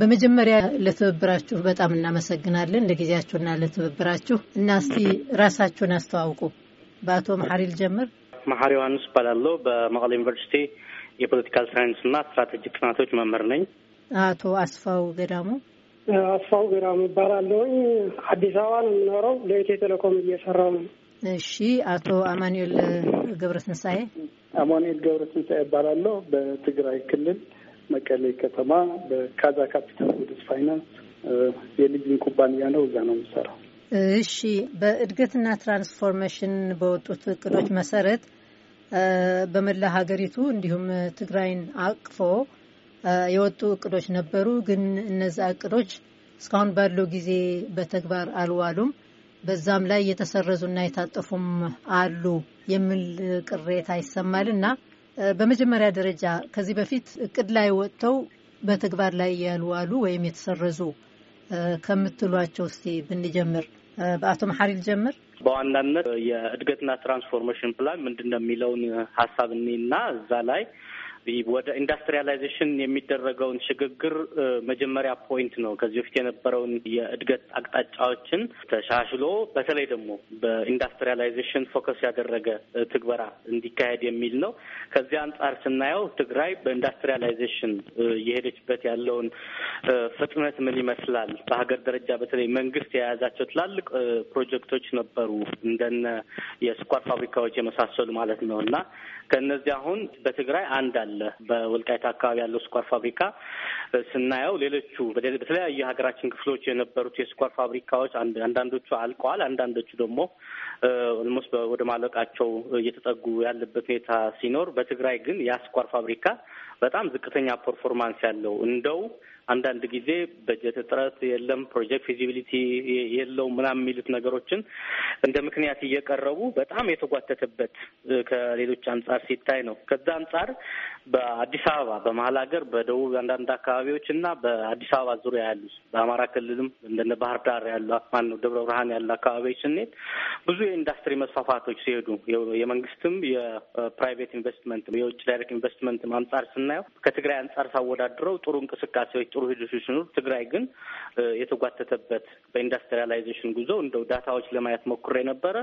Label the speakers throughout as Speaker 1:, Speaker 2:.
Speaker 1: በመጀመሪያ ለትብብራችሁ በጣም እናመሰግናለን፣ ለጊዜያችሁና ለትብብራችሁ እና እስቲ ራሳችሁን አስተዋውቁ። በአቶ መሐሪ ልጀምር።
Speaker 2: መሐሪ ዮሐንስ እባላለሁ። በመቀሌ ዩኒቨርሲቲ የፖለቲካል ሳይንስ እና ስትራቴጂክ ጥናቶች መምህር ነኝ።
Speaker 1: አቶ አስፋው ገዳሙ
Speaker 3: አስፋው ገዳሙ እባላለሁኝ። አዲስ አበባ ነው የምኖረው። ለኢትዮ
Speaker 4: ቴሌኮም እየሰራው ነው።
Speaker 1: እሺ። አቶ አማኑኤል ገብረ ትንሳኤ
Speaker 4: አማኑኤል ገብረ ትንሳኤ እባላለሁ። በትግራይ ክልል መቀሌ ከተማ በካዛ ካፒታል ጉድስ ፋይናንስ የልጅን ኩባንያ ነው። እዛ ነው የምሰራው።
Speaker 1: እሺ፣ በእድገትና ትራንስፎርሜሽን በወጡት እቅዶች መሰረት በመላ ሀገሪቱ እንዲሁም ትግራይን አቅፎ የወጡ እቅዶች ነበሩ። ግን እነዚ እቅዶች እስካሁን ባለው ጊዜ በተግባር አልዋሉም። በዛም ላይ የተሰረዙና የታጠፉም አሉ የሚል ቅሬታ ይሰማል እና በመጀመሪያ ደረጃ ከዚህ በፊት እቅድ ላይ ወጥተው በተግባር ላይ ያልዋሉ ወይም የተሰረዙ ከምትሏቸው እስቲ ብንጀምር፣ በአቶ መሐሪ ልጀምር።
Speaker 2: በዋናነት የእድገትና ትራንስፎርሜሽን ፕላን ምንድን ነው የሚለውን ሀሳብ እኔና እዛ ላይ ወደ ኢንዱስትሪያላይዜሽን የሚደረገውን ሽግግር መጀመሪያ ፖይንት ነው። ከዚህ በፊት የነበረውን የእድገት አቅጣጫዎችን ተሻሽሎ በተለይ ደግሞ በኢንዱስትሪያላይዜሽን ፎከስ ያደረገ ትግበራ እንዲካሄድ የሚል ነው። ከዚህ አንጻር ስናየው ትግራይ በኢንዱስትሪያላይዜሽን እየሄደችበት ያለውን ፍጥነት ምን ይመስላል? በሀገር ደረጃ በተለይ መንግስት የያዛቸው ትላልቅ ፕሮጀክቶች ነበሩ እንደነ የስኳር ፋብሪካዎች የመሳሰሉ ማለት ነው እና ከእነዚህ አሁን በትግራይ አንድ አለ አለ። በወልቃይት አካባቢ ያለው ስኳር ፋብሪካ ስናየው ሌሎቹ በተለያዩ የሀገራችን ክፍሎች የነበሩት የስኳር ፋብሪካዎች አንዳንዶቹ አልቀዋል፣ አንዳንዶቹ ደግሞ ኦልሞስት ወደ ማለቃቸው እየተጠጉ ያለበት ሁኔታ ሲኖር፣ በትግራይ ግን ያ ስኳር ፋብሪካ በጣም ዝቅተኛ ፐርፎርማንስ ያለው እንደው አንዳንድ ጊዜ በጀት እጥረት የለም፣ ፕሮጀክት ፊዚቢሊቲ የለው ምናምን የሚሉት ነገሮችን እንደ ምክንያት እየቀረቡ በጣም የተጓተተበት ከሌሎች አንጻር ሲታይ ነው። ከዛ አንጻር በአዲስ አበባ በመሀል ሀገር፣ በደቡብ አንዳንድ አካባቢዎች እና በአዲስ አበባ ዙሪያ ያሉ በአማራ ክልልም እንደነ ባህር ዳር ያሉ ማን ነው ደብረ ብርሃን ያሉ አካባቢዎች ስንሄድ ብዙ የኢንዱስትሪ መስፋፋቶች ሲሄዱ የመንግስትም የፕራይቬት ኢንቨስትመንት የውጭ ዳይሬክት ኢንቨስትመንት አንጻር ስናየው ከትግራይ አንጻር ሳወዳድረው ጥሩ እንቅስቃሴዎች ጥሩ ሂደቶች ሲኖሩ፣ ትግራይ ግን የተጓተተበት በኢንዱስትሪያላይዜሽን ጉዞ እንደው ዳታዎች ለማየት ሞክሬ ነበረ።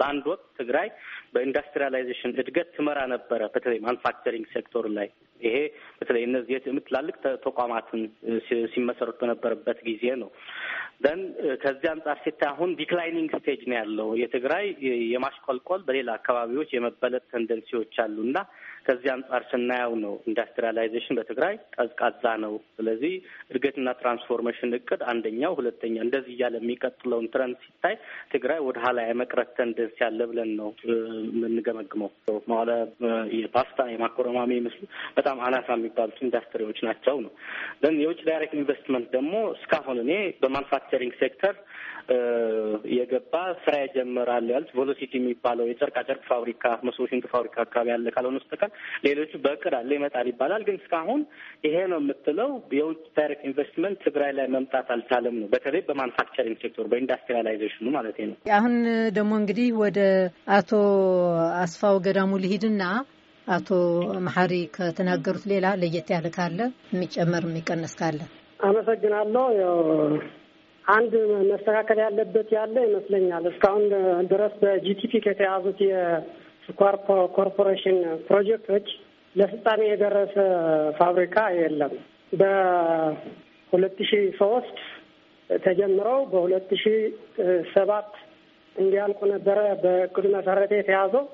Speaker 2: በአንድ ወቅት ትግራይ በኢንዱስትሪያላይዜሽን እድገት ትመራ ነበረ፣ በተለይ ማኑፋክቸሪንግ ሴክተር ላይ ይሄ በተለይ እነዚህ ትላልቅ ተቋማትን ሲመሰሩት በነበረበት ጊዜ ነው። ደን ከዚህ አንጻር ሲታይ አሁን ዲክላይኒንግ ስቴጅ ነው ያለው የትግራይ የማሽቆልቆል በሌላ አካባቢዎች የመበለጥ ተንደንሲዎች አሉ እና ከዚህ አንጻር ስናየው ነው ኢንዱስትሪያላይዜሽን በትግራይ ቀዝቃዛ ነው። ስለዚህ እድገትና ትራንስፎርሜሽን እቅድ አንደኛው፣ ሁለተኛ እንደዚህ እያለ የሚቀጥለውን ትረንድ ሲታይ ትግራይ ወደ ኋላ የመቅረት ተንደንስ ያለ ብለን ነው የምንገመግመው። ማለ የፓስታ የማኮረማሚ ምስሉ በጣም አናሳ የሚባሉት ኢንዱስትሪዎች ናቸው ነው ን የውጭ ዳይሬክት ኢንቨስትመንት ደግሞ እስካሁን እኔ በማንፋክቸሪንግ ሴክተር የገባ ስራ ይጀምራል ያሉት ቬሎሲቲ የሚባለው የጨርቃጨርቅ ፋብሪካ መስቦ ሽንት ፋብሪካ አካባቢ ያለ ካልሆነ በስተቀር ሌሎቹ በእቅድ አለ ይመጣል ይባላል። ግን እስካሁን ይሄ ነው የምትለው የውጭ ዳይሬክት ኢንቨስትመንት ትግራይ ላይ መምጣት አልቻለም ነው። በተለይ በማኑፋክቸሪንግ ሴክተር በኢንዱስትሪያላይዜሽኑ ማለት ነው።
Speaker 1: አሁን ደግሞ እንግዲህ ወደ አቶ አስፋው ገዳሙ ልሂድና አቶ መሐሪ ከተናገሩት ሌላ ለየት ያለ ካለ የሚጨመር የሚቀነስ ካለ
Speaker 3: አመሰግናለሁ። አንድ መስተካከል ያለበት ያለ ይመስለኛል። እስካሁን ድረስ በጂቲፒ ከተያዙት ኮርፖሬሽን ፕሮጀክቶች ለፍጻሜ የደረሰ ፋብሪካ የለም። በሁለት ሺ ሶስት ተጀምረው በሁለት ሺ ሰባት እንዲያልቁ ነበረ በእቅዱ መሰረት የተያዘው።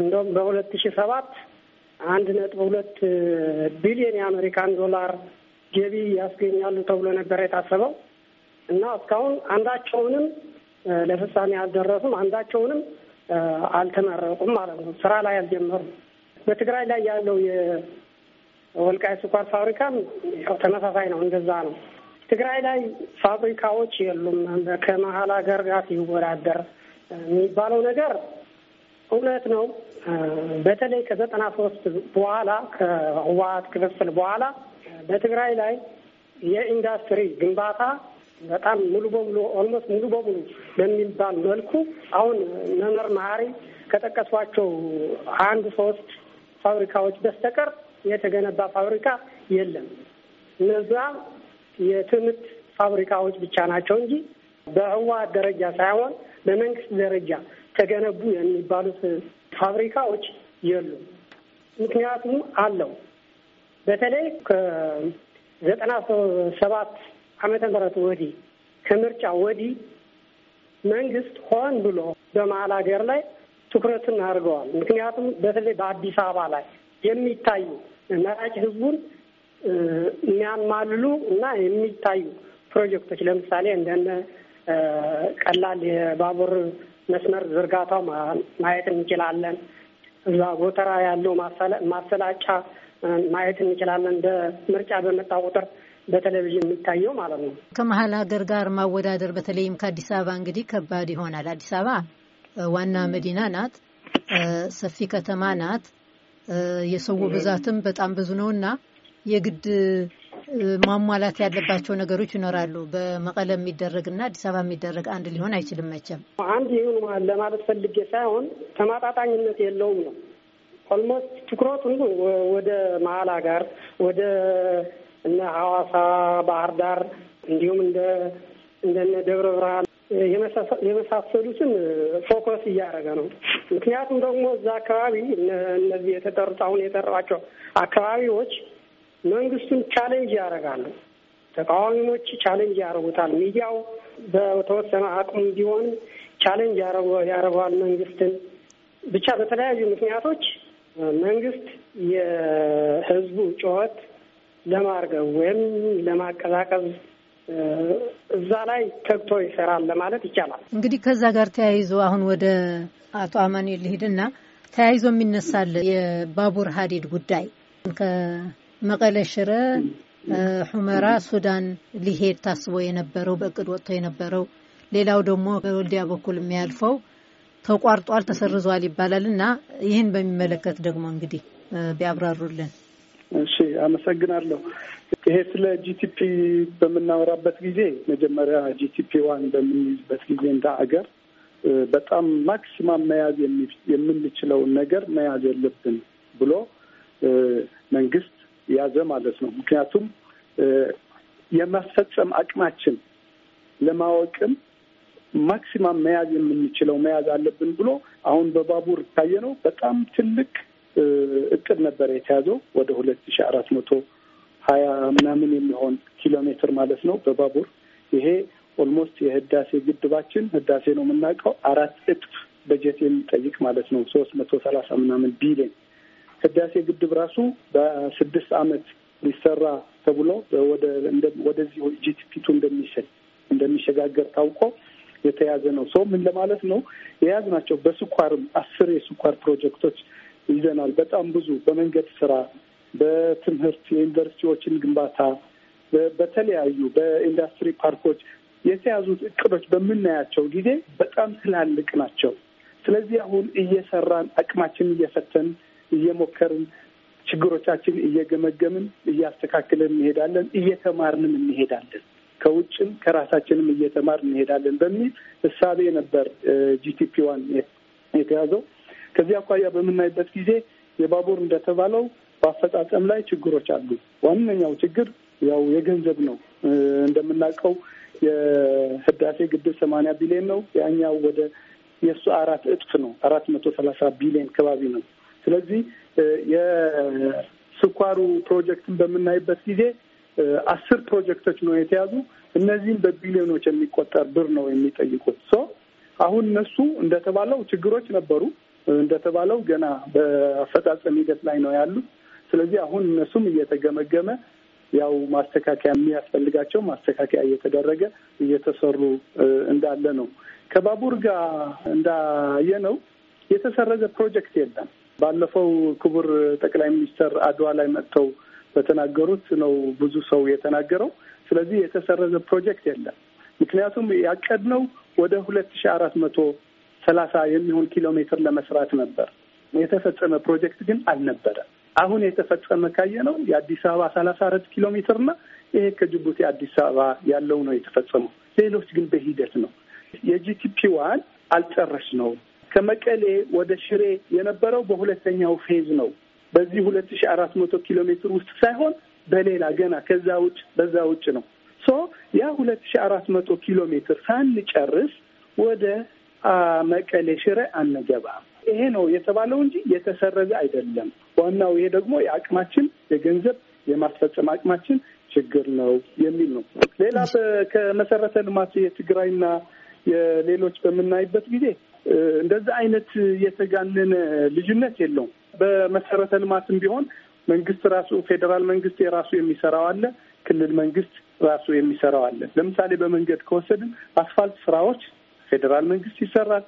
Speaker 3: እንደውም በሁለት ሺ ሰባት አንድ ነጥብ ሁለት ቢሊዮን የአሜሪካን ዶላር ገቢ ያስገኛሉ ተብሎ ነበረ የታሰበው እና እስካሁን አንዳቸውንም ለፍጻሜ አልደረሱም። አንዳቸውንም አልተመረቁም ማለት ነው። ስራ ላይ አልጀመሩም። በትግራይ ላይ ያለው የወልቃይት ስኳር ፋብሪካም ተመሳሳይ ነው፣ እንደዛ ነው። ትግራይ ላይ ፋብሪካዎች የሉም ከመሀል ሀገር ጋር ሲወዳደር የሚባለው ነገር እውነት ነው። በተለይ ከዘጠና ሶስት በኋላ ከህወሀት ክፍፍል በኋላ በትግራይ ላይ የኢንዱስትሪ ግንባታ በጣም ሙሉ በሙሉ ኦልሞስት ሙሉ በሙሉ በሚባል መልኩ አሁን መምህር መሀሪ ከጠቀሷቸው አንድ ሶስት ፋብሪካዎች በስተቀር የተገነባ ፋብሪካ የለም። እነዛ የትምህርት ፋብሪካዎች ብቻ ናቸው እንጂ በህወሓት ደረጃ ሳይሆን በመንግስት ደረጃ ተገነቡ የሚባሉት ፋብሪካዎች የሉም። ምክንያቱም አለው በተለይ ከዘጠና ሰባት ዓመተ ምሕረት ወዲህ ከምርጫ ወዲህ መንግስት ሆን ብሎ በመሀል ሀገር ላይ ትኩረትን አድርገዋል። ምክንያቱም በተለይ በአዲስ አበባ ላይ የሚታዩ መራጭ ህዝቡን የሚያማልሉ እና የሚታዩ ፕሮጀክቶች ለምሳሌ እንደነ ቀላል የባቡር መስመር ዝርጋታው ማየት እንችላለን። እዛ ጎተራ ያለው ማሰላጫ ማየት እንችላለን። እንደ ምርጫ በመጣ ቁጥር በቴሌቪዥን የሚታየው ማለት ነው።
Speaker 1: ከመሀል ሀገር ጋር ማወዳደር በተለይም ከአዲስ አበባ እንግዲህ ከባድ ይሆናል። አዲስ አበባ ዋና መዲና ናት፣ ሰፊ ከተማ ናት። የሰው ብዛትም በጣም ብዙ ነው እና የግድ ማሟላት ያለባቸው ነገሮች ይኖራሉ። በመቀለ የሚደረግና አዲስ አበባ የሚደረግ አንድ ሊሆን አይችልም። መቼም አንድ
Speaker 3: ይሁን ለማለት ፈልጌ ሳይሆን ተማጣጣኝነት የለውም ነው ኦልሞስት ትኩረቱን ወደ መሀል ሀገር ወደ እነ ሐዋሳ፣ ባህር ዳር እንዲሁም እንደ እንደነ ደብረ ብርሃን የመሳሰሉትን ፎከስ እያደረገ ነው። ምክንያቱም ደግሞ እዛ አካባቢ እነዚህ የተጠሩት አሁን የጠራቸው አካባቢዎች መንግስቱን ቻሌንጅ ያደርጋሉ። ተቃዋሚዎች ቻሌንጅ ያደርጉታል። ሚዲያው በተወሰነ አቅሙ ቢሆን ቻሌንጅ ያደርገዋል መንግስትን። ብቻ በተለያዩ ምክንያቶች መንግስት የህዝቡ ጩኸት ለማርገብ ወይም ለማቀዛቀዝ እዛ ላይ ተግቶ ይሰራል ለማለት ይቻላል።
Speaker 1: እንግዲህ ከዛ ጋር ተያይዞ አሁን ወደ አቶ አማኑኤል ልሂድና ተያይዞ የሚነሳል የባቡር ሀዲድ ጉዳይ ከመቀለ ሽረ፣ ሁመራ፣ ሱዳን ሊሄድ ታስቦ የነበረው በእቅድ ወጥቶ የነበረው ሌላው ደግሞ በወልዲያ በኩል የሚያልፈው ተቋርጧል፣ ተሰርዟል ይባላል እና ይህን በሚመለከት ደግሞ እንግዲህ ቢያብራሩልን
Speaker 4: እሺ አመሰግናለሁ። ይሄ ስለ ጂቲፒ በምናወራበት ጊዜ መጀመሪያ ጂቲፒ ዋን በምንይዝበት ጊዜ እንደ አገር በጣም ማክሲማም መያዝ የምንችለውን ነገር መያዝ የለብን ብሎ መንግስት ያዘ ማለት ነው። ምክንያቱም የማስፈጸም አቅማችን ለማወቅም ማክሲማም መያዝ የምንችለው መያዝ አለብን ብሎ አሁን በባቡር ታየ ነው በጣም ትልቅ እቅድ ነበረ የተያዘው ወደ ሁለት ሺ አራት መቶ ሀያ ምናምን የሚሆን ኪሎ ሜትር ማለት ነው በባቡር ይሄ ኦልሞስት የህዳሴ ግድባችን ህዳሴ ነው የምናውቀው አራት እጥፍ በጀት የሚጠይቅ ማለት ነው ሶስት መቶ ሰላሳ ምናምን ቢሊዮን ህዳሴ ግድብ ራሱ በስድስት አመት ሊሰራ ተብሎ ወደዚህ ጂቲፒቱ እንደሚሸል እንደሚሸጋገር ታውቆ የተያዘ ነው ሰው ምን ለማለት ነው የያዝ ናቸው በስኳርም አስር የስኳር ፕሮጀክቶች ይዘናል። በጣም ብዙ በመንገድ ስራ፣ በትምህርት የዩኒቨርሲቲዎችን ግንባታ፣ በተለያዩ በኢንዱስትሪ ፓርኮች የተያዙት እቅዶች በምናያቸው ጊዜ በጣም ትላልቅ ናቸው። ስለዚህ አሁን እየሰራን አቅማችንን እየፈተን እየሞከርን ችግሮቻችን እየገመገምን እያስተካክልን እንሄዳለን፣ እየተማርንም እንሄዳለን። ከውጭም ከራሳችንም እየተማር እንሄዳለን በሚል እሳቤ ነበር ጂቲፒ ዋን የተያዘው። ከዚህ አኳያ በምናይበት ጊዜ የባቡር እንደተባለው በአፈጻጸም ላይ ችግሮች አሉ። ዋነኛው ችግር ያው የገንዘብ ነው። እንደምናውቀው የህዳሴ ግድብ ሰማንያ ቢሊዮን ነው። ያኛው ወደ የእሱ አራት እጥፍ ነው። አራት መቶ ሰላሳ ቢሊዮን ከባቢ ነው። ስለዚህ የስኳሩ ፕሮጀክትን በምናይበት ጊዜ አስር ፕሮጀክቶች ነው የተያዙ። እነዚህም በቢሊዮኖች የሚቆጠር ብር ነው የሚጠይቁት። ሶ አሁን እነሱ እንደተባለው ችግሮች ነበሩ። እንደተባለው ገና በአፈጻጸም ሂደት ላይ ነው ያሉ። ስለዚህ አሁን እነሱም እየተገመገመ ያው ማስተካከያ የሚያስፈልጋቸው ማስተካከያ እየተደረገ እየተሰሩ እንዳለ ነው። ከባቡር ጋር እንዳየነው የተሰረዘ ፕሮጀክት የለም። ባለፈው ክቡር ጠቅላይ ሚኒስትር አድዋ ላይ መጥተው በተናገሩት ነው ብዙ ሰው የተናገረው። ስለዚህ የተሰረዘ ፕሮጀክት የለም። ምክንያቱም ያቀድነው ወደ ሁለት ሺ አራት መቶ ሰላሳ የሚሆን ኪሎ ሜትር ለመስራት ነበር። የተፈጸመ ፕሮጀክት ግን አልነበረ። አሁን የተፈጸመ ካየ ነው የአዲስ አበባ ሰላሳ አራት ኪሎ ሜትር እና ይሄ ከጅቡቲ አዲስ አበባ ያለው ነው የተፈጸመው። ሌሎች ግን በሂደት ነው። የጂቲፒ ዋን አልጨረስ ነው። ከመቀሌ ወደ ሽሬ የነበረው በሁለተኛው ፌዝ ነው። በዚህ ሁለት ሺ አራት መቶ ኪሎ ሜትር ውስጥ ሳይሆን በሌላ ገና ከዛ ውጭ በዛ ውጭ ነው ሶ ያ ሁለት ሺ አራት መቶ ኪሎ ሜትር ሳንጨርስ ወደ መቀሌ ሽሬ አንገባም ይሄ ነው የተባለው እንጂ የተሰረዘ አይደለም። ዋናው ይሄ ደግሞ የአቅማችን የገንዘብ የማስፈጸም አቅማችን ችግር ነው የሚል ነው። ሌላ ከመሰረተ ልማት የትግራይና የሌሎች በምናይበት ጊዜ እንደዛ አይነት የተጋነነ ልዩነት የለውም። በመሰረተ ልማትም ቢሆን መንግስት ራሱ ፌዴራል መንግስት የራሱ የሚሰራው አለ፣ ክልል መንግስት ራሱ የሚሰራው አለ። ለምሳሌ በመንገድ ከወሰድን አስፋልት ስራዎች ፌዴራል መንግስት ይሰራል።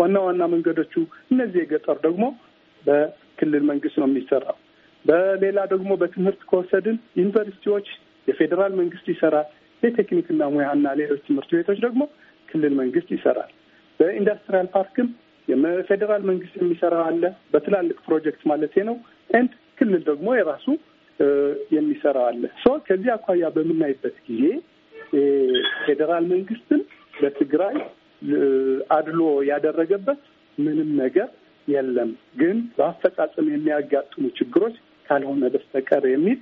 Speaker 4: ዋና ዋና መንገዶቹ እነዚህ የገጠር ደግሞ በክልል መንግስት ነው የሚሰራው። በሌላ ደግሞ በትምህርት ከወሰድን ዩኒቨርሲቲዎች የፌዴራል መንግስት ይሰራል። የቴክኒክና ሙያና ሌሎች ትምህርት ቤቶች ደግሞ ክልል መንግስት ይሰራል። በኢንዱስትሪያል ፓርክም የፌዴራል መንግስት የሚሰራ አለ፣ በትላልቅ ፕሮጀክት ማለት ነው። ኤንድ ክልል ደግሞ የራሱ የሚሰራ አለ። ሶ ከዚህ አኳያ በምናይበት ጊዜ ፌዴራል መንግስትን በትግራይ አድሎ ያደረገበት ምንም ነገር የለም። ግን በአፈጻጸም የሚያጋጥሙ ችግሮች ካልሆነ በስተቀር የሚል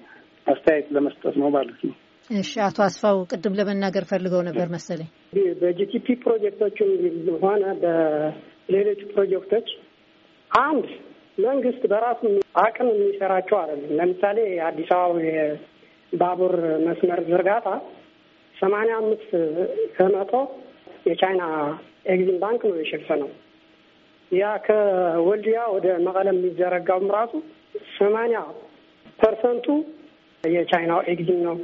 Speaker 4: አስተያየት ለመስጠት ነው ማለት ነው።
Speaker 1: እሺ፣ አቶ አስፋው ቅድም ለመናገር ፈልገው ነበር መሰለኝ። በጂቲፒ
Speaker 3: ፕሮጀክቶችም ሆነ በሌሎች ፕሮጀክቶች አንድ መንግስት በራሱ አቅም የሚሰራቸው አይደለም። ለምሳሌ አዲስ አበባ የባቡር መስመር ዝርጋታ ሰማንያ አምስት ከመቶ የቻይና ኤግዚም ባንክ ነው የሸፈነው። ያ ከወልዲያ ወደ መቀለ የሚዘረጋውም ራሱ ሰማንያ ፐርሰንቱ የቻይናው ኤግዚም ነው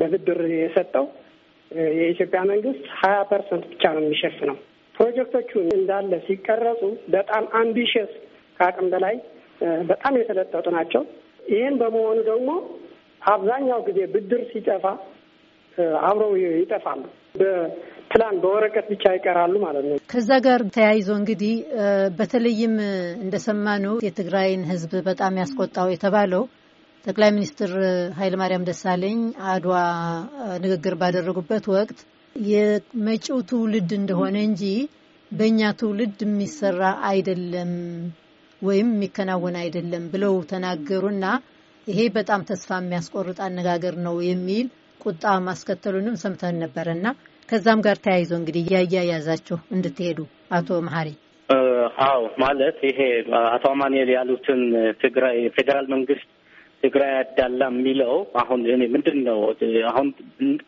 Speaker 3: በብድር የሰጠው። የኢትዮጵያ መንግስት ሀያ ፐርሰንት ብቻ ነው የሚሸፍነው። ፕሮጀክቶቹ እንዳለ ሲቀረጹ በጣም አምቢሽስ ከአቅም በላይ በጣም የተለጠጡ ናቸው። ይህን በመሆኑ ደግሞ አብዛኛው ጊዜ ብድር ሲጠፋ አብረው ይጠፋሉ። ፕላን በወረቀት ብቻ ይቀራሉ ማለት ነው። ከዛ
Speaker 1: ጋር ተያይዞ እንግዲህ በተለይም እንደሰማነው የትግራይን ህዝብ በጣም ያስቆጣው የተባለው ጠቅላይ ሚኒስትር ኃይለማርያም ደሳለኝ አድዋ ንግግር ባደረጉበት ወቅት የመጪው ትውልድ እንደሆነ እንጂ በእኛ ትውልድ የሚሰራ አይደለም ወይም የሚከናወን አይደለም ብለው ተናገሩና ይሄ በጣም ተስፋ የሚያስቆርጥ አነጋገር ነው የሚል ቁጣ ማስከተሉንም ሰምተን ነበረና ከዛም ጋር ተያይዞ እንግዲህ እያያያዛችሁ እንድትሄዱ አቶ መሀሪ
Speaker 2: አዎ ማለት ይሄ አቶ አማንኤል ያሉትን ትግራይ ፌዴራል መንግስት ትግራይ ያዳላ የሚለው አሁን እኔ ምንድን ነው አሁን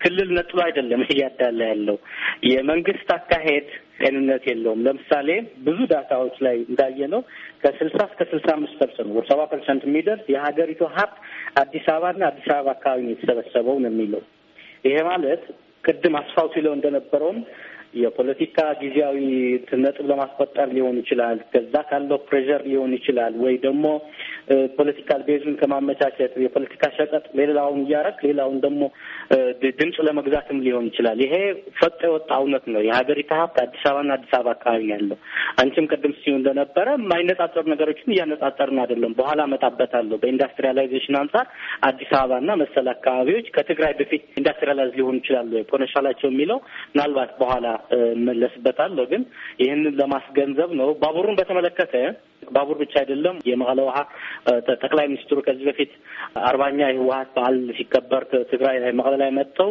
Speaker 2: ክልል ነጥሎ አይደለም እያዳላ ያለው የመንግስት አካሄድ ጤንነት የለውም። ለምሳሌ ብዙ ዳታዎች ላይ እንዳየ ነው ከስልሳ እስከ ስልሳ አምስት ፐርሰንት ወደ ሰባ ፐርሰንት የሚደርስ የሀገሪቱ ሀብት አዲስ አበባና አዲስ አበባ አካባቢ የተሰበሰበው ነው የሚለው። ይሄ ማለት ቅድም አስፋው ሲለው እንደነበረውም የፖለቲካ ጊዜያዊ ነጥብ ለማስቆጠር ሊሆን ይችላል። ከዛ ካለው ፕሬዠር ሊሆን ይችላል። ወይ ደግሞ ፖለቲካል ቤዙን ከማመቻቸት የፖለቲካ ሸቀጥ ሌላውን እያረክ ሌላውን ደግሞ ድምፅ ለመግዛትም ሊሆን ይችላል። ይሄ ፈጥጦ የወጣ እውነት ነው። የሀገሪቱ ሀብት አዲስ አበባና አዲስ አበባ አካባቢ ያለው። አንቺም ቅድም ሲሆን እንደነበረ የማይነጻጸሩ ነገሮችን እያነጻጸርን አይደለም። በኋላ እመጣበታለሁ። በኢንዱስትሪያላይዜሽን አንጻር አዲስ አበባና መሰል አካባቢዎች ከትግራይ በፊት ኢንዱስትሪያላይዝ ሊሆኑ ይችላሉ። ፖቴንሻላቸው የሚለው ምናልባት በኋላ እመለስበታለሁ። ግን ይህንን ለማስገንዘብ ነው። ባቡሩን በተመለከተ ባቡር ብቻ አይደለም። የመቀለ ውሃ ጠቅላይ ሚኒስትሩ ከዚህ በፊት አርባኛ የህወሀት በዓል ሲከበር ትግራይ ላይ መቀለ ላይ መጥተው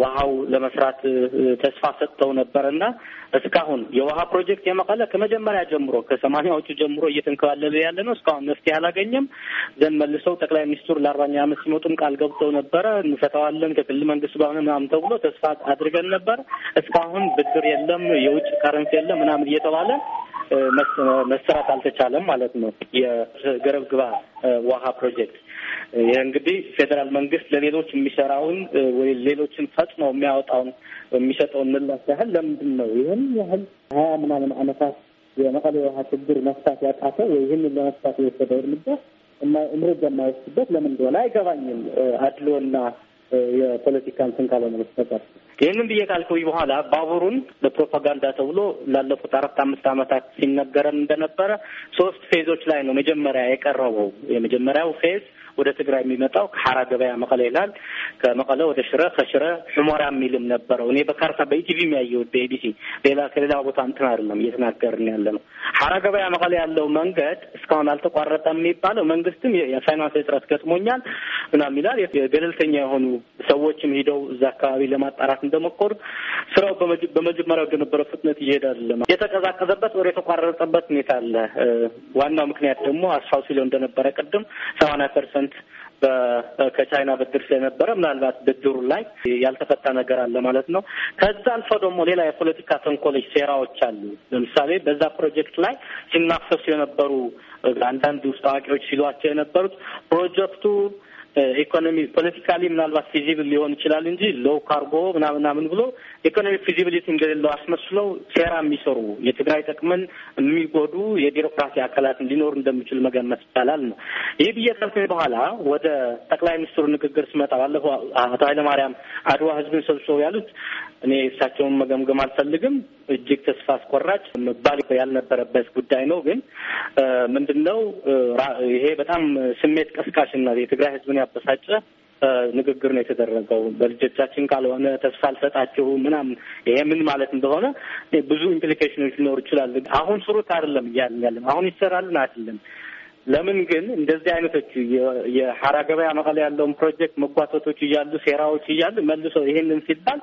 Speaker 2: ውሃው ለመስራት ተስፋ ሰጥተው ነበር እና እስካሁን የውሃ ፕሮጀክት የመቀለ ከመጀመሪያ ጀምሮ ከሰማኒያዎቹ ጀምሮ እየተንከባለለ ያለ ነው። እስካሁን መፍትሄ አላገኘም። ዘን መልሰው ጠቅላይ ሚኒስትሩ ለአርባኛ ዓመት ሲመጡም ቃል ገብተው ነበረ እንፈታዋለን ከክልል መንግስት ባሆነ ምናምን ተብሎ ተስፋ አድርገን ነበር። እስካሁን ብድር የለም፣ የውጭ ከረንስ የለም ምናምን እየተባለ መሰራት አልተ አልተቻለም ማለት ነው። የገረብ ግባ ውሃ ፕሮጀክት ይህ እንግዲህ ፌዴራል መንግስት ለሌሎች የሚሰራውን ወይ ሌሎችን ፈጥኖ የሚያወጣውን የሚሰጠውን ምላሽ ያህል ለምንድን ነው ይህን ያህል ሀያ ምናምን አመታት የመቀሌ ውሃ ችግር መፍታት ያቃተ ወይ ይህን ለመፍታት የወሰደው እርምጃ እምርጃ የማይወስድበት ለምን እንደሆነ አይገባኝም። አድሎና የፖለቲካ እንትን ካልሆነ ነበር። ይህንን ብዬ ካልኩኝ በኋላ ባቡሩን ለፕሮፓጋንዳ ተብሎ ላለፉት አራት አምስት ዓመታት ሲነገረን እንደነበረ ሶስት ፌዞች ላይ ነው መጀመሪያ የቀረበው። የመጀመሪያው ፌዝ ወደ ትግራይ የሚመጣው ከሐራ ገበያ መቀለ ይላል። ከመቀለ ወደ ሽረ፣ ከሽረ ሑመራ የሚልም ነበረው። እኔ በካርታ በኢቲቪ የሚያየው በኢቢሲ ሌላ ከሌላ ቦታ እንትን አይደለም እየተናገርን ያለ ነው። ሐራ ገበያ መቀለ ያለው መንገድ እስካሁን አልተቋረጠም የሚባለው መንግስትም የፋይናንስ እጥረት ገጥሞኛል ምናምን ይላል። የገለልተኛ የሆኑ ሰዎችም ሂደው እዛ አካባቢ ለማጣራት እንደሞከሩ ስራው በመጀመሪያው እንደነበረው ፍጥነት እየሄደ አይደለም። የተቀዛቀዘበት ወደ የተቋረጠበት ሁኔታ አለ። ዋናው ምክንያት ደግሞ አስፋው ሲለው እንደነበረ ቅድም ሰማንያ ፐርሰንት ፐርሰንት ከቻይና ብድር ስለነበረ ምናልባት ብድሩ ላይ ያልተፈታ ነገር አለ ማለት ነው። ከዛ አልፎ ደግሞ ሌላ የፖለቲካ ተንኮሎች፣ ሴራዎች አሉ። ለምሳሌ በዛ ፕሮጀክት ላይ ሲናፈሱ የነበሩ አንዳንድ ውስጥ አዋቂዎች ሲሏቸው የነበሩት ፕሮጀክቱ ኢኮኖሚ ፖለቲካሊ ምናልባት ፊዚብል ሊሆን ይችላል እንጂ ሎው ካርጎ ምናምናምን ብሎ ኢኮኖሚ ፊዚብሊቲ እንደሌለው አስመስለው ሴራ የሚሰሩ የትግራይ ጥቅምን የሚጎዱ የቢሮክራሲ አካላት ሊኖሩ እንደሚችል መገመት ይቻላል ነው። ይህ ብዬ ካልኩኝ በኋላ ወደ ጠቅላይ ሚኒስትሩ ንግግር ስመጣ ባለፈው አቶ ኃይለማርያም አድዋ ህዝብን ሰብስበው ያሉት እኔ እሳቸውን መገምገም አልፈልግም እጅግ ተስፋ አስቆራጭ መባል ያልነበረበት ጉዳይ ነው። ግን ምንድን ነው ይሄ በጣም ስሜት ቀስቃሽና የትግራይ ህዝብን ያበሳጨ ንግግር ነው የተደረገው። በልጆቻችን ካልሆነ ተስፋ አልሰጣችሁ ምናምን፣ ይሄ ምን ማለት እንደሆነ ብዙ ኢምፕሊኬሽኖች ሊኖሩ ይችላል። አሁን ስሩት አይደለም እያልን ያለን አሁን ይሰራልን አይደለም። ለምን ግን እንደዚህ አይነቶቹ የሀራ ገበያ መቀሌ ያለውን ፕሮጀክት መጓተቶች እያሉ ሴራዎች እያሉ መልሶ ይሄንን ሲባል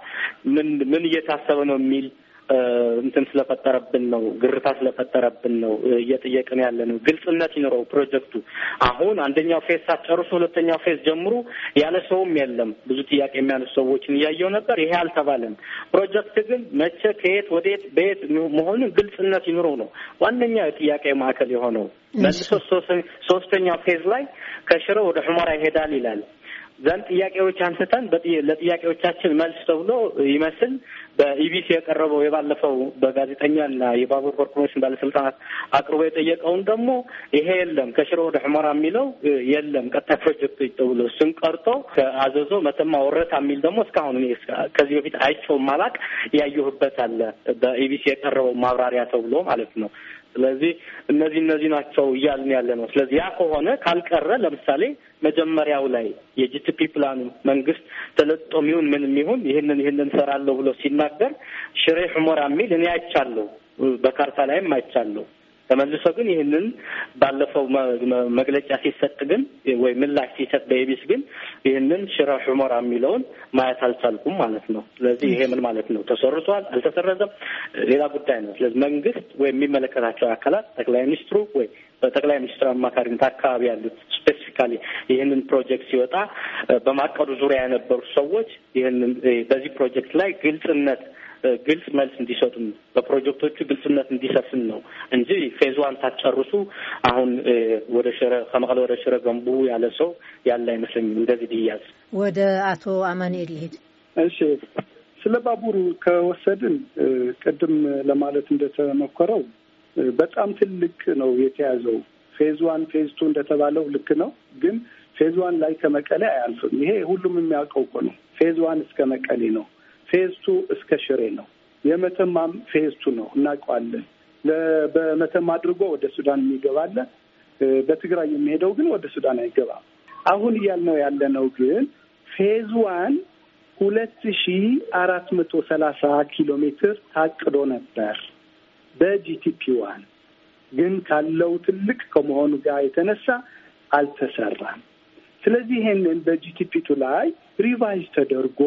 Speaker 2: ምን ምን እየታሰበ ነው የሚል እንትን ስለፈጠረብን ነው፣ ግርታ ስለፈጠረብን ነው እየጠየቅን ያለ ነው። ግልጽነት ይኖረው ፕሮጀክቱ። አሁን አንደኛው ፌዝ ሳትጨርሱ ሁለተኛው ፌዝ ጀምሩ ያለ ሰውም የለም። ብዙ ጥያቄ የሚያነሱ ሰዎችን እያየው ነበር። ይሄ አልተባለም። ፕሮጀክት ግን መቼ፣ ከየት ወዴት፣ በየት መሆኑን ግልጽነት ይኑረው ነው ዋነኛ የጥያቄ ማዕከል የሆነው። መልሶ ሶስተኛው ፌዝ ላይ ከሽረ ወደ ሑመራ ይሄዳል ይላል። ዘንድ ጥያቄዎች አንስተን ለጥያቄዎቻችን መልስ ተብሎ ይመስል በኢቢሲ የቀረበው የባለፈው በጋዜጠኛና የባቡር ኮርፖሬሽን ባለስልጣናት አቅርቦ የጠየቀውን ደግሞ ይሄ የለም ከሽሮ ወደ ሑመራ የሚለው የለም ቀጣይ ፕሮጀክት ተብሎ እሱን ቀርቶ ከአዘዞ መተማ ወረታ የሚል ደግሞ እስካሁን ከዚህ በፊት አይቼው ማላቅ ያየሁበት አለ። በኢቢሲ የቀረበው ማብራሪያ ተብሎ ማለት ነው። ስለዚህ እነዚህ እነዚህ ናቸው እያልን ያለ ነው። ስለዚህ ያ ከሆነ ካልቀረ ለምሳሌ መጀመሪያው ላይ የጂቲፒ ፕላኑ መንግስት ተለጦ ሚሆን ምን የሚሆን ይህንን ይህንን ሰራለሁ ብሎ ሲናገር ሽሬ ሑመራ የሚል እኔ አይቻለሁ፣ በካርታ ላይም አይቻለሁ። ተመልሶ ግን ይህንን ባለፈው መግለጫ ሲሰጥ ግን ወይ ምላሽ ሲሰጥ በኢቢስ ግን ይህንን ሽረ ሑመራ የሚለውን ማየት አልቻልኩም ማለት ነው። ስለዚህ ይሄ ምን ማለት ነው? ተሰርቷል አልተሰረዘም፣ ሌላ ጉዳይ ነው። ስለዚህ መንግስት ወይ የሚመለከታቸው አካላት ጠቅላይ ሚኒስትሩ ወይ በጠቅላይ ሚኒስትር አማካሪነት አካባቢ ያሉት ስፔሲፊካሊ ይህንን ፕሮጀክት ሲወጣ በማቀዱ ዙሪያ የነበሩ ሰዎች ይህንን በዚህ ፕሮጀክት ላይ ግልጽነት ግልጽ መልስ እንዲሰጡን በፕሮጀክቶቹ ግልጽነት እንዲሰፍን ነው እንጂ ፌዝ ዋን ሳትጨርሱ አሁን ወደ ሽረ ከመቀለ ወደ ሽረ
Speaker 4: ገንቡ ያለ ሰው ያለ አይመስለኝም። እንደዚህ ድያዝ
Speaker 1: ወደ አቶ አማንኤል ይሄድ።
Speaker 4: እሺ፣ ስለ ባቡር ከወሰድን ቅድም ለማለት እንደተሞከረው በጣም ትልቅ ነው የተያዘው። ፌዝ ዋን ፌዝ ቱ እንደተባለው ልክ ነው ግን ፌዝ ዋን ላይ ከመቀሌ አያልፍም። ይሄ ሁሉም የሚያውቀው እኮ ነው። ፌዝ ዋን እስከ መቀሌ ነው። ፌዝ ቱ እስከ ሽሬ ነው። የመተማም ፌዝ ቱ ነው እናውቀዋለን። በመተማ አድርጎ ወደ ሱዳን የሚገባለ በትግራይ የሚሄደው ግን ወደ ሱዳን አይገባም። አሁን እያልነው ያለነው ግን ፌዝ ዋን ሁለት ሺ አራት መቶ ሰላሳ ኪሎ ሜትር ታቅዶ ነበር በጂቲፒ ዋን ግን ካለው ትልቅ ከመሆኑ ጋር የተነሳ አልተሰራም። ስለዚህ ይሄንን በጂቲፒቱ ላይ ሪቫይዝ ተደርጎ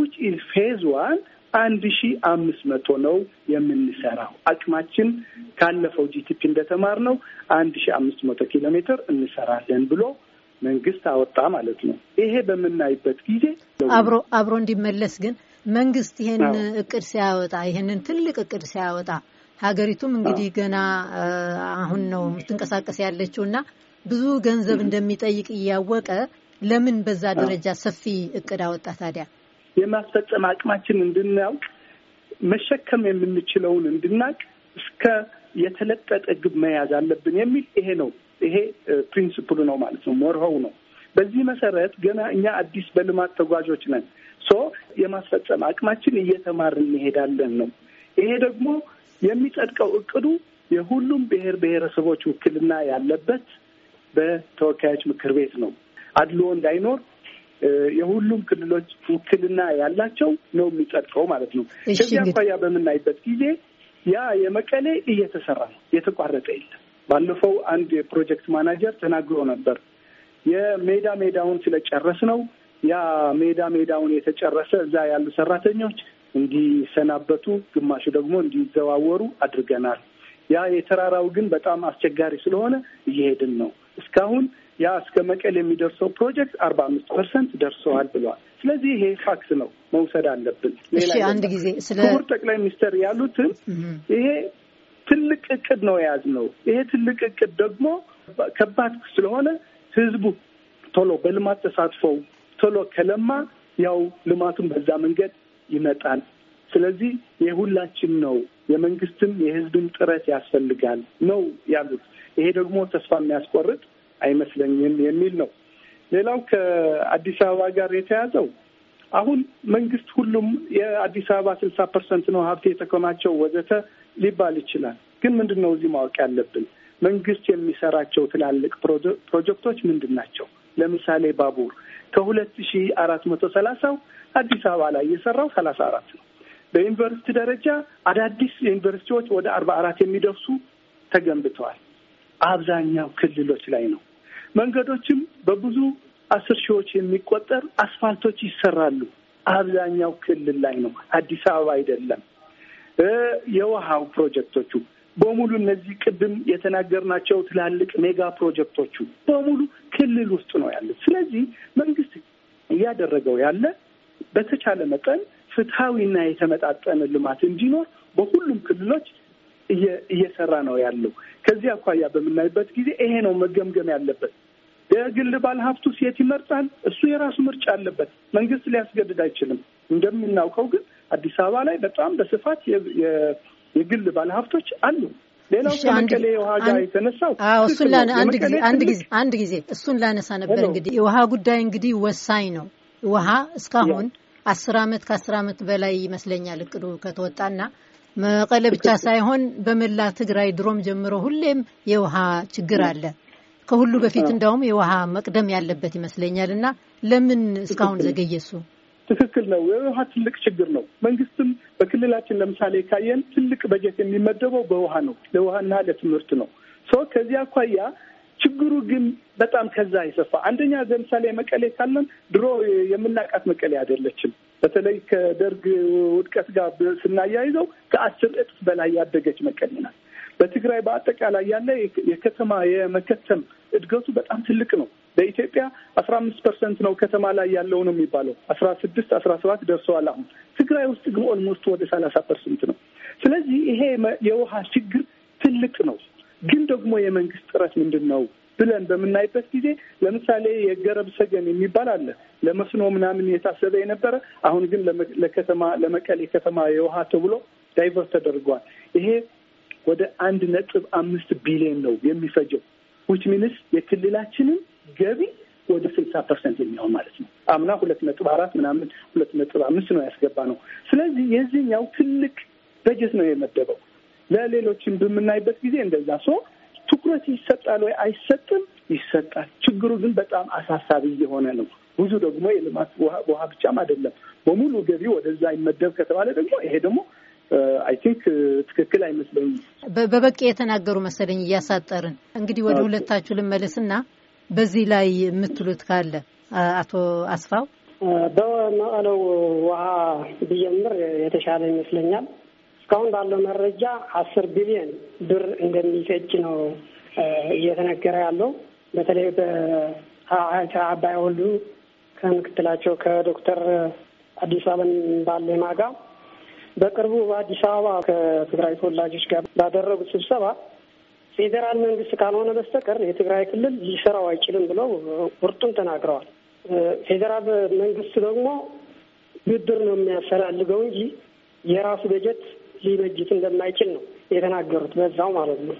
Speaker 4: ውጭ ፌዝ ዋን አንድ ሺ አምስት መቶ ነው የምንሰራው። አቅማችን ካለፈው ጂቲፒ እንደተማር ነው አንድ ሺ አምስት መቶ ኪሎ ሜትር እንሰራለን ብሎ መንግስት አወጣ ማለት ነው። ይሄ በምናይበት ጊዜ አብሮ
Speaker 1: አብሮ እንዲመለስ ግን መንግስት ይሄን እቅድ ሲያወጣ ይሄንን ትልቅ እቅድ ሲያወጣ ሀገሪቱም እንግዲህ ገና አሁን ነው የምትንቀሳቀስ ያለችው እና ብዙ ገንዘብ እንደሚጠይቅ እያወቀ ለምን በዛ ደረጃ ሰፊ እቅድ አወጣ ታዲያ?
Speaker 4: የማስፈጸም አቅማችን እንድናውቅ መሸከም የምንችለውን እንድናውቅ እስከ የተለጠጠ ግብ መያዝ አለብን የሚል ይሄ ነው። ይሄ ፕሪንስፕሉ ነው ማለት ነው፣ መርሆው ነው። በዚህ መሰረት ገና እኛ አዲስ በልማት ተጓዦች ነን። ሶ የማስፈጸም አቅማችን እየተማር እንሄዳለን ነው። ይሄ ደግሞ የሚጸድቀው እቅዱ የሁሉም ብሔር ብሔረሰቦች ውክልና ያለበት በተወካዮች ምክር ቤት ነው። አድልዎ እንዳይኖር የሁሉም ክልሎች ውክልና ያላቸው ነው የሚጸድቀው ማለት ነው። ከዚህ አኳያ በምናይበት ጊዜ ያ የመቀሌ እየተሰራ ነው፣ የተቋረጠ የለም። ባለፈው አንድ የፕሮጀክት ማናጀር ተናግሮ ነበር። የሜዳ ሜዳውን ስለጨረስ ነው ያ ሜዳ ሜዳውን የተጨረሰ እዛ ያሉ ሰራተኞች እንዲሰናበቱ፣ ግማሹ ደግሞ እንዲዘዋወሩ አድርገናል። ያ የተራራው ግን በጣም አስቸጋሪ ስለሆነ እየሄድን ነው እስካሁን ያ እስከ መቀሌ የሚደርሰው ፕሮጀክት አርባ አምስት ፐርሰንት ደርሰዋል ብለዋል። ስለዚህ ይሄ ፋክስ ነው መውሰድ አለብን። አንድ
Speaker 1: ጊዜ ስለ ክቡር
Speaker 4: ጠቅላይ ሚኒስትር ያሉትም ይሄ ትልቅ እቅድ ነው የያዝነው። ይሄ ትልቅ እቅድ ደግሞ ከባድ ስለሆነ ህዝቡ ቶሎ በልማት ተሳትፎው ቶሎ ከለማ ያው ልማቱን በዛ መንገድ ይመጣል። ስለዚህ የሁላችን ነው፣ የመንግስትም የህዝብም ጥረት ያስፈልጋል ነው ያሉት። ይሄ ደግሞ ተስፋ የሚያስቆርጥ አይመስለኝም የሚል ነው። ሌላው ከአዲስ አበባ ጋር የተያዘው አሁን መንግስት ሁሉም የአዲስ አበባ ስልሳ ፐርሰንት ነው ሀብት የተከማቸው ወዘተ ሊባል ይችላል። ግን ምንድን ነው እዚህ ማወቅ ያለብን መንግስት የሚሰራቸው ትላልቅ ፕሮጀክቶች ምንድን ናቸው? ለምሳሌ ባቡር ከሁለት ሺ አራት መቶ ሰላሳው አዲስ አበባ ላይ የሰራው ሰላሳ አራት ነው። በዩኒቨርሲቲ ደረጃ አዳዲስ ዩኒቨርሲቲዎች ወደ አርባ አራት የሚደርሱ ተገንብተዋል። አብዛኛው ክልሎች ላይ ነው። መንገዶችም በብዙ አስር ሺዎች የሚቆጠር አስፋልቶች ይሰራሉ። አብዛኛው ክልል ላይ ነው፣ አዲስ አበባ አይደለም። የውሃው ፕሮጀክቶቹ በሙሉ እነዚህ ቅድም የተናገርናቸው ትላልቅ ሜጋ ፕሮጀክቶቹ በሙሉ ክልል ውስጥ ነው ያለ። ስለዚህ መንግስት እያደረገው ያለ በተቻለ መጠን ፍትሐዊና የተመጣጠነ ልማት እንዲኖር በሁሉም ክልሎች እየሰራ ነው ያለው። ከዚህ አኳያ በምናይበት ጊዜ ይሄ ነው መገምገም ያለበት። የግል ባለሀብቱ ሴት ይመርጣል። እሱ የራሱ ምርጫ አለበት። መንግስት ሊያስገድድ አይችልም። እንደምናውቀው ግን አዲስ አበባ ላይ በጣም በስፋት የግል ባለሀብቶች አሉ።
Speaker 1: ሌላው ከመቀሌ የውሃ ጋር የተነሳው እሱን አንድ ጊዜ አንድ ጊዜ አንድ ጊዜ እሱን ላነሳ ነበር። እንግዲህ የውሃ ጉዳይ እንግዲህ ወሳኝ ነው። ውሃ እስካሁን አስር አመት ከአስር አመት በላይ ይመስለኛል እቅዱ ከተወጣና መቀለ ብቻ ሳይሆን በመላ ትግራይ ድሮም ጀምሮ ሁሌም የውሃ ችግር አለ። ከሁሉ በፊት እንደውም የውሃ መቅደም ያለበት ይመስለኛል። እና ለምን እስካሁን ዘገየሱ?
Speaker 4: ትክክል ነው። የውሃ ትልቅ ችግር ነው። መንግስትም በክልላችን ለምሳሌ ካየን ትልቅ በጀት የሚመደበው በውሃ ነው፣ ለውሃና ለትምህርት ነው። ሰው ከዚህ አኳያ ችግሩ ግን በጣም ከዛ የሰፋ አንደኛ ለምሳሌ መቀሌ ካለን ድሮ የምናውቃት መቀሌ አይደለችም። በተለይ ከደርግ ውድቀት ጋር ስናያይዘው ከአስር እጥፍ በላይ ያደገች መቀሌ ናት። በትግራይ በአጠቃላይ ያለ የከተማ የመከተም እድገቱ በጣም ትልቅ ነው። በኢትዮጵያ አስራ አምስት ፐርሰንት ነው ከተማ ላይ ያለው ነው የሚባለው። አስራ ስድስት አስራ ሰባት ደርሰዋል። አሁን ትግራይ ውስጥ ግን ኦልሞስት ወደ ሰላሳ ፐርሰንት ነው። ስለዚህ ይሄ የውሃ ችግር ትልቅ ነው። ግን ደግሞ የመንግስት ጥረት ምንድን ነው? ብለን በምናይበት ጊዜ ለምሳሌ የገረብ ሰገን የሚባል አለ ለመስኖ ምናምን የታሰበ የነበረ አሁን ግን ለከተማ ለመቀሌ ከተማ የውሃ ተብሎ ዳይቨርት ተደርጓል። ይሄ ወደ አንድ ነጥብ አምስት ቢሊዮን ነው የሚፈጀው ዊች ሚንስ የክልላችንን ገቢ ወደ ስልሳ ፐርሰንት የሚሆን ማለት ነው። አምና ሁለት ነጥብ አራት ምናምን ሁለት ነጥብ አምስት ነው ያስገባ ነው። ስለዚህ የዚህኛው ትልቅ በጀት ነው የመደበው። ለሌሎችን በምናይበት ጊዜ እንደዛ ሰው ትኩረት ይሰጣል ወይ? አይሰጥም። ይሰጣል። ችግሩ ግን በጣም አሳሳቢ እየሆነ ነው። ብዙ ደግሞ የልማት ውሃ ብቻም አይደለም። በሙሉ ገቢ ወደዛ ይመደብ ከተባለ ደግሞ ይሄ ደግሞ አይ ቲንክ ትክክል አይመስለኝም።
Speaker 1: በበቂ የተናገሩ መሰለኝ እያሳጠርን። እንግዲህ ወደ ሁለታችሁ ልመለስና በዚህ ላይ የምትሉት ካለ አቶ አስፋው።
Speaker 3: በመቀለው ውሃ ብጀምር የተሻለ ይመስለኛል። እስካሁን ባለው መረጃ አስር ቢሊዮን ብር እንደሚፈጅ ነው እየተነገረ ያለው። በተለይ በአባይ ወልዱ ከምክትላቸው ከዶክተር አዲስ አለም ባሌማ ማጋ በቅርቡ በአዲስ አበባ ከትግራይ ተወላጆች ጋር ባደረጉት ስብሰባ ፌዴራል መንግስት ካልሆነ በስተቀር የትግራይ ክልል ሊሰራው አይችልም ብለው ቁርጡን ተናግረዋል። ፌዴራል መንግስት ደግሞ ብድር ነው የሚያፈላልገው እንጂ የራሱ በጀት ሊበጅት እንደማይችል ነው የተናገሩት። በዛው ማለት ነው።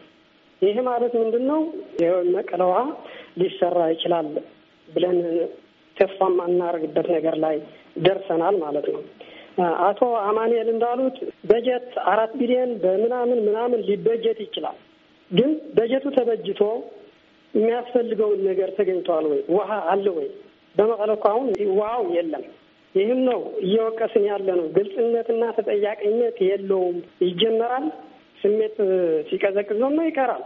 Speaker 3: ይህ ማለት ምንድን ነው? የመቀለ ሊሰራ ይችላል ብለን ተስፋ የማናደርግበት ነገር ላይ ደርሰናል ማለት ነው። አቶ አማኑኤል እንዳሉት በጀት አራት ቢሊዮን በምናምን ምናምን ሊበጀት ይችላል። ግን በጀቱ ተበጅቶ የሚያስፈልገውን ነገር ተገኝተዋል ወይ? ውሃ አለ ወይ? በመቀለ እኮ አሁን ውሃው የለም። ይህም ነው እየወቀስን ያለ ነው። ግልጽነትና ተጠያቂነት የለውም። ይጀመራል፣ ስሜት ሲቀዘቅዞማ ይቀራል።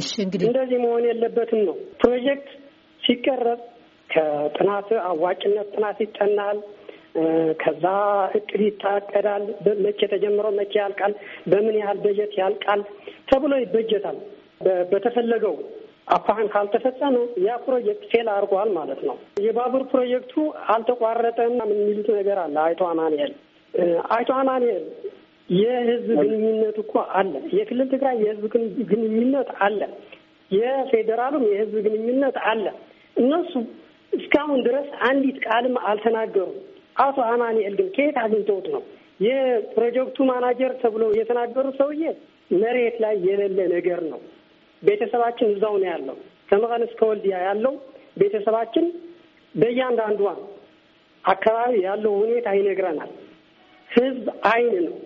Speaker 3: እሺ እንግዲህ እንደዚህ መሆን የለበትም ነው። ፕሮጀክት ሲቀረጽ ከጥናት አዋጭነት ጥናት ይጠናል። ከዛ እቅድ ይታቀዳል። መቼ ተጀምሮ መቼ ያልቃል፣ በምን ያህል በጀት ያልቃል ተብሎ ይበጀታል። በተፈለገው አኳን ካልተፈጸመ ያ ፕሮጀክት ፌል አድርጓል ማለት ነው። የባቡር ፕሮጀክቱ አልተቋረጠም የሚሉት ነገር አለ። አይቶ አማኑኤል አይቶ አማኑኤል የህዝብ ግንኙነት እኮ አለ። የክልል ትግራይ የህዝብ ግንኙነት አለ። የፌዴራሉም የህዝብ ግንኙነት አለ። እነሱ እስካሁን ድረስ አንዲት ቃልም አልተናገሩም። አቶ አማኑኤል ግን ከየት አግኝተውት ነው? የፕሮጀክቱ ማናጀር ተብሎ የተናገሩት ሰውዬ መሬት ላይ የሌለ ነገር ነው። ቤተሰባችን እዛው ነው ያለው። ከመቀለ እስከ ወልዲያ ያለው ቤተሰባችን በእያንዳንዷ አካባቢ ያለው ሁኔታ ይነግረናል። ህዝብ አይን ነው።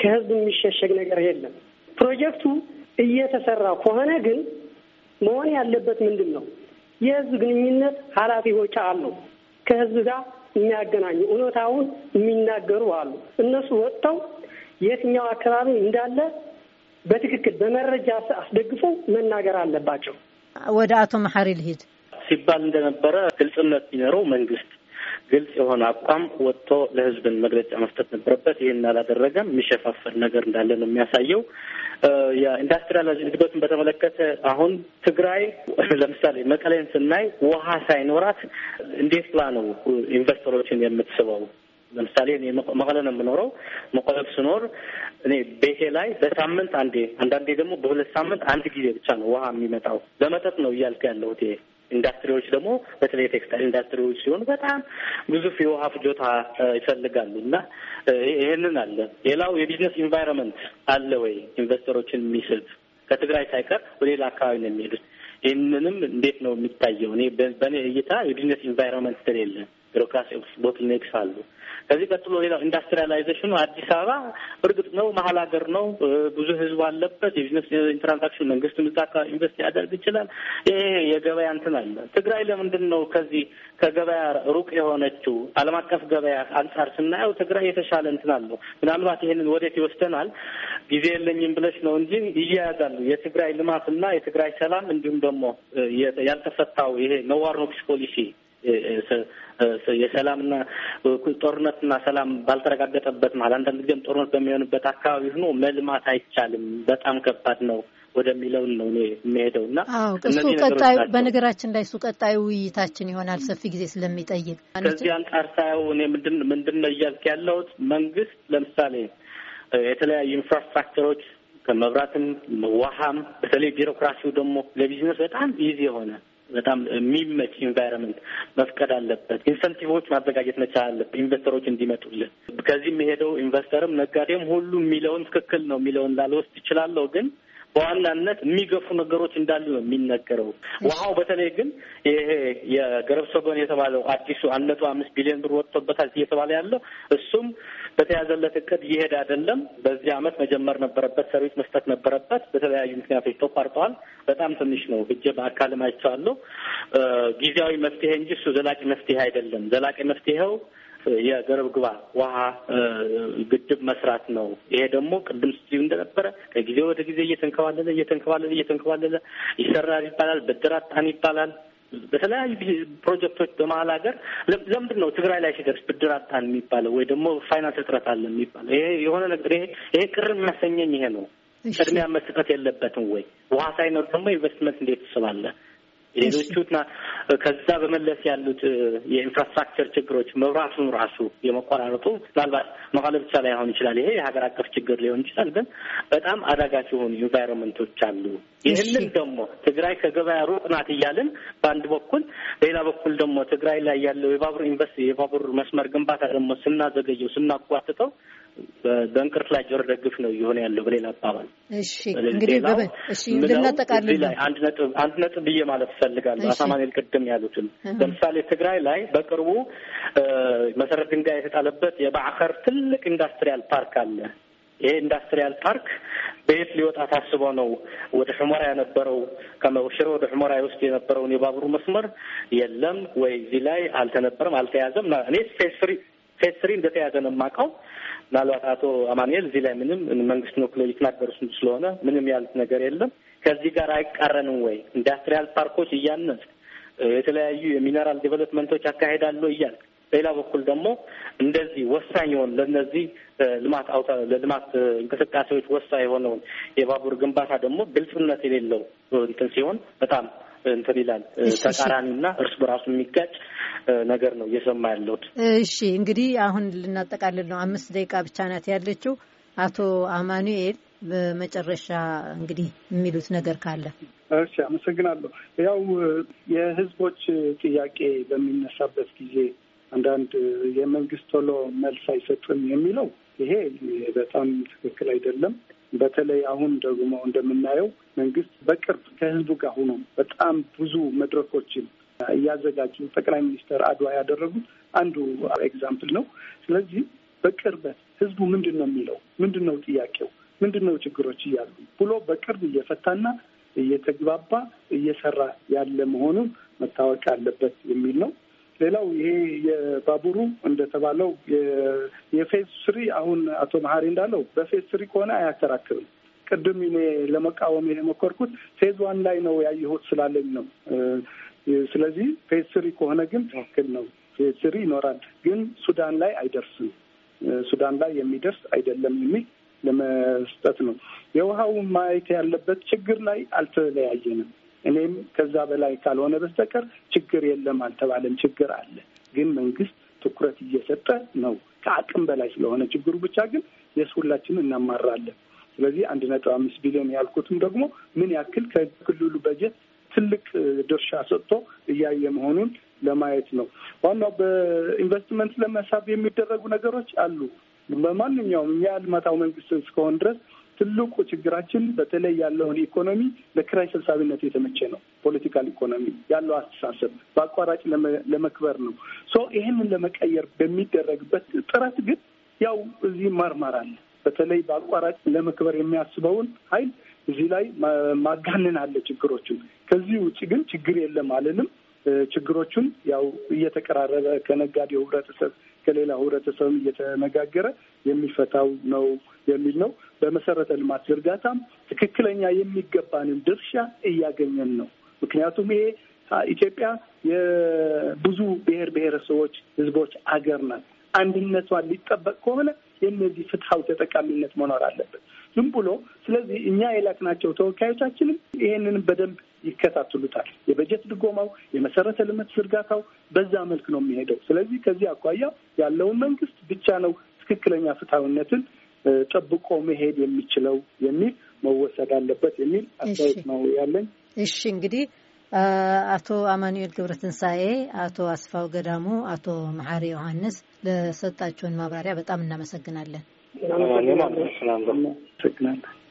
Speaker 3: ከህዝብ የሚሸሸግ ነገር የለም። ፕሮጀክቱ እየተሰራ ከሆነ ግን መሆን ያለበት ምንድን ነው? የህዝብ ግንኙነት ኃላፊዎች አሉ። ከህዝብ ጋር የሚያገናኙ እውነታውን የሚናገሩ አሉ። እነሱ ወጥተው የትኛው አካባቢ እንዳለ በትክክል በመረጃ አስደግፈው መናገር አለባቸው።
Speaker 1: ወደ አቶ መሐሪ ልሂድ።
Speaker 2: ሲባል እንደነበረ ግልጽነት ቢኖረው መንግስት ግልጽ የሆነ አቋም ወጥቶ ለህዝብን መግለጫ መስጠት ነበረበት። ይህን አላደረገም። የሚሸፋፈል ነገር እንዳለ ነው የሚያሳየው። የኢንዱስትሪያል እድገቱን በተመለከተ አሁን ትግራይ ለምሳሌ መቀሌን ስናይ ውሃ ሳይኖራት እንዴት ብላ ነው ኢንቨስተሮችን የምትስበው? ለምሳሌ እኔ መቀለ ነው የምኖረው። መቀለ ስኖር እኔ ቤቴ ላይ በሳምንት አንዴ አንዳንዴ ደግሞ በሁለት ሳምንት አንድ ጊዜ ብቻ ነው ውሃ የሚመጣው። ለመጠጥ ነው እያልኩ ያለሁት። ይሄ ኢንዱስትሪዎች ደግሞ በተለይ ቴክስታይል ኢንዱስትሪዎች ሲሆኑ በጣም ግዙፍ የውሃ ፍጆታ ይፈልጋሉ እና ይህንን አለ። ሌላው የቢዝነስ ኢንቫይሮንመንት አለ ወይ ኢንቨስተሮችን የሚስብ ከትግራይ ሳይቀር ወደሌላ ሌላ አካባቢ ነው የሚሄዱት። ይህንንም እንዴት ነው የሚታየው? እኔ በእኔ እይታ የቢዝነስ ኢንቫይሮንመንት ስለሌለ ቢሮክራሲ ቦትልኔክስ አሉ። ከዚህ ቀጥሎ ሌላው ኢንዱስትሪያላይዜሽኑ አዲስ አበባ እርግጥ ነው መሀል ሀገር ነው፣ ብዙ ህዝብ አለበት። የቢዝነስ ኢንትራንዛክሽን መንግስት ምዛ አካባቢ ኢንቨስት ያደርግ ይችላል። ይሄ የገበያ እንትን አለ። ትግራይ ለምንድን ነው ከዚህ ከገበያ ሩቅ የሆነችው? ዓለም አቀፍ ገበያ አንጻር ስናየው ትግራይ የተሻለ እንትን አለው። ምናልባት ይህንን ወዴት ይወስደናል ጊዜ የለኝም ብለሽ ነው እንጂ ይያያዛሉ። የትግራይ ልማትና የትግራይ ሰላም እንዲሁም ደግሞ ያልተፈታው ይሄ ነዋር ፖሊሲ የሰላምና ጦርነትና ሰላም ባልተረጋገጠበት መሀል አንዳንድ ጊዜም ጦርነት በሚሆንበት አካባቢ ሆኖ መልማት አይቻልም፣ በጣም ከባድ ነው ወደሚለውን ነው እኔ የሚሄደው እና እሱ ቀጣዩ
Speaker 1: በነገራችን ላይ እሱ ቀጣዩ ውይይታችን ይሆናል ሰፊ ጊዜ ስለሚጠይቅ ከዚህ
Speaker 2: አንጻር ሳየው እኔ ምንድን ምንድን ነው እያልክ ያለሁት መንግስት ለምሳሌ የተለያዩ ኢንፍራስትራክቸሮች ከመብራትም ውሃም በተለይ ቢሮክራሲው ደግሞ ለቢዝነስ በጣም ኢዚ የሆነ በጣም የሚመች ኢንቫይረንመንት መፍቀድ አለበት። ኢንሰንቲቮች ማዘጋጀት መቻል አለበት፣ ኢንቨስተሮች እንዲመጡልን። ከዚህ የሚሄደው ኢንቨስተርም ነጋዴም ሁሉ የሚለውን ትክክል ነው የሚለውን ላልወስድ ይችላለሁ ግን በዋናነት የሚገፉ ነገሮች እንዳሉ ነው የሚነገረው። ውሃው በተለይ ግን ይሄ የገረብ ሰጎን የተባለው አዲሱ አንድ አምስት ቢሊዮን ብር ወጥቶበታል እየተባለ ያለው እሱም በተያዘለት እቅድ ይሄድ አይደለም። በዚህ አመት መጀመር ነበረበት፣ ሰርቪስ መስጠት ነበረበት። በተለያዩ ምክንያቶች ተቋርጠዋል። በጣም ትንሽ ነው። እጀ በአካል አይቼዋለሁ። ጊዜያዊ መፍትሄ እንጂ እሱ ዘላቂ መፍትሄ አይደለም። ዘላቂ መፍትሄው የገረብ ግባ ውሃ ግድብ መስራት ነው። ይሄ ደግሞ ቅድም ስትዩ እንደነበረ ከጊዜ ወደ ጊዜ እየተንከባለለ እየተንከባለለ እየተንከባለለ ይሰራል ይባላል፣ ብድር አጣን ይባላል። በተለያዩ ፕሮጀክቶች በመሀል ሀገር ለምንድን ነው ትግራይ ላይ ሲደርስ ብድር አጣን የሚባለው ወይ ደግሞ ፋይናንስ እጥረት አለ የሚባለው? ይሄ የሆነ ነገር ይሄ ይሄ ቅር የሚያሰኘኝ ይሄ ነው። ቅድሚያ መስጠት የለበትም ወይ? ውሃ ሳይኖር ደግሞ ኢንቨስትመንት እንዴት ትስባለህ? ሌሎቹና ከዛ በመለስ ያሉት የኢንፍራስትራክቸር ችግሮች መብራቱን ራሱ የመቆራረጡ ምናልባት መቀለ ብቻ ላይ ሆን ይችላል። ይሄ የሀገር አቀፍ ችግር ሊሆን ይችላል። ግን በጣም አዳጋች የሆኑ ኢንቫይሮንመንቶች አሉ። ይህንን ደግሞ ትግራይ ከገበያ ሩቅ ናት እያልን በአንድ በኩል፣ ሌላ በኩል ደግሞ ትግራይ ላይ ያለው የባቡር ኢንቨስት የባቡር መስመር ግንባታ ደግሞ ስናዘገየው ስናጓትተው በእንቅርት ላይ ጆሮ ደግፍ ነው እየሆነ ያለው በሌላ አባባል።
Speaker 1: እሺ እንግዲህ እሺ እንድናጠቃልል
Speaker 2: አንድ ነጥብ አንድ ነጥብ ብዬ ማለት እፈልጋለሁ። አሳማኔል ቅድም ያሉትን ለምሳሌ ትግራይ ላይ በቅርቡ መሰረት ድንጋይ የተጣለበት የባዕከር ትልቅ ኢንዱስትሪያል ፓርክ አለ። ይሄ ኢንዱስትሪያል ፓርክ በየት ሊወጣ ታስቦ ነው? ወደ ሑመራ የነበረው ከመውሽሮ ወደ ሑመራ ውስጥ የነበረውን የባቡሩ መስመር የለም ወይ እዚህ ላይ አልተነበረም፣ አልተያዘም። እኔ ስፔስ ፍሪ ፌስ ስሪ እንደተያዘ ነው የማውቀው። ምናልባት አቶ አማኑኤል እዚህ ላይ ምንም መንግስትን ወክለው እየተናገሩ ስለሆነ ምንም ያሉት ነገር የለም። ከዚህ ጋር አይቃረንም ወይ ኢንዳስትሪያል ፓርኮች እያነጽ የተለያዩ የሚነራል ዴቨሎፕመንቶች አካሄዳለሁ እያል ሌላ በኩል ደግሞ እንደዚህ ወሳኝ የሆን ለነዚህ ልማት አውታ ለልማት እንቅስቃሴዎች ወሳኝ የሆነውን የባቡር ግንባታ ደግሞ ግልጽነት የሌለው እንትን ሲሆን በጣም እንትን ይላል ተቃራኒና እርስ በራሱ የሚጋጭ ነገር ነው እየሰማ ያለሁት።
Speaker 1: እሺ እንግዲህ አሁን ልናጠቃልል ነው። አምስት ደቂቃ ብቻ ናት ያለችው። አቶ አማኑኤል በመጨረሻ እንግዲህ የሚሉት ነገር ካለ።
Speaker 4: እሺ አመሰግናለሁ። ያው የህዝቦች ጥያቄ በሚነሳበት ጊዜ አንዳንድ የመንግስት ቶሎ መልስ አይሰጥም የሚለው ይሄ በጣም ትክክል አይደለም። በተለይ አሁን ደግሞ እንደምናየው መንግስት በቅርብ ከህዝቡ ጋር ሆኖ በጣም ብዙ መድረኮችን እያዘጋጁ ጠቅላይ ሚኒስትር አድዋ ያደረጉት አንዱ ኤግዛምፕል ነው። ስለዚህ በቅርበት ህዝቡ ምንድን ነው የሚለው፣ ምንድን ነው ጥያቄው፣ ምንድን ነው ችግሮች እያሉ ብሎ በቅርብ እየፈታና እየተግባባ እየሰራ ያለ መሆኑን መታወቅ አለበት የሚል ነው። ሌላው ይሄ የባቡሩ እንደተባለው የፌዝ ስሪ አሁን አቶ መሀሪ እንዳለው በፌዝ ስሪ ከሆነ አያከራክርም። ቅድም እኔ ለመቃወም የሞከርኩት ፌዝ ዋን ላይ ነው ያየሁት ስላለኝ ነው። ስለዚህ ፌዝ ስሪ ከሆነ ግን ትክክል ነው። ፌዝ ስሪ ይኖራል፣ ግን ሱዳን ላይ አይደርስም። ሱዳን ላይ የሚደርስ አይደለም የሚል ለመስጠት ነው። የውሃው ማየት ያለበት ችግር ላይ አልተለያየንም። እኔም ከዛ በላይ ካልሆነ በስተቀር ችግር የለም አልተባለም። ችግር አለ፣ ግን መንግስት ትኩረት እየሰጠ ነው። ከአቅም በላይ ስለሆነ ችግሩ ብቻ ግን የስ ሁላችን እናማራለን። ስለዚህ አንድ ነጥብ አምስት ቢሊዮን ያልኩትም ደግሞ ምን ያክል ከክልሉ በጀት ትልቅ ድርሻ ሰጥቶ እያየ መሆኑን ለማየት ነው። ዋናው በኢንቨስትመንት ለመሳብ የሚደረጉ ነገሮች አሉ። በማንኛውም እኛ ያልመጣው መንግስት እስከሆን ድረስ ትልቁ ችግራችን በተለይ ያለውን ኢኮኖሚ ለኪራይ ሰብሳቢነት የተመቸ ነው። ፖለቲካል ኢኮኖሚ ያለው አስተሳሰብ በአቋራጭ ለመክበር ነው። ሶ ይህንን ለመቀየር በሚደረግበት ጥረት ግን ያው እዚህ ማርማር አለ። በተለይ በአቋራጭ ለመክበር የሚያስበውን ኃይል እዚህ ላይ ማጋነን አለ ችግሮችን። ከዚህ ውጭ ግን ችግር የለም አልልም። ችግሮቹን ያው እየተቀራረበ ከነጋዴው ህብረተሰብ ከሌላ ህብረተሰብ እየተነጋገረ የሚፈታው ነው የሚል ነው። በመሰረተ ልማት ዝርጋታም ትክክለኛ የሚገባንን ድርሻ እያገኘን ነው። ምክንያቱም ይሄ ኢትዮጵያ የብዙ ብሔር ብሔረሰቦች ህዝቦች አገር ናት። አንድነቷን ሊጠበቅ ከሆነ የእነዚህ ፍትሀዊ ተጠቃሚነት መኖር አለበት ዝም ብሎ። ስለዚህ እኛ የላክናቸው ተወካዮቻችንም ይሄንንም በደንብ ይከታትሉታል። የበጀት ድጎማው፣ የመሰረተ ልማት ዝርጋታው በዛ መልክ ነው የሚሄደው። ስለዚህ ከዚህ አኳያ ያለውን መንግስት ብቻ ነው ትክክለኛ ፍትሐዊነትን ጠብቆ መሄድ የሚችለው የሚል መወሰድ አለበት የሚል አስተያየት ነው
Speaker 1: ያለኝ። እሺ እንግዲህ አቶ አማኑኤል ትንሳኤ፣ አቶ አስፋው ገዳሙ፣ አቶ መሐሪ ዮሐንስ ለሰጣችሁን ማብራሪያ በጣም እናመሰግናለን።
Speaker 4: እናመሰግናለን።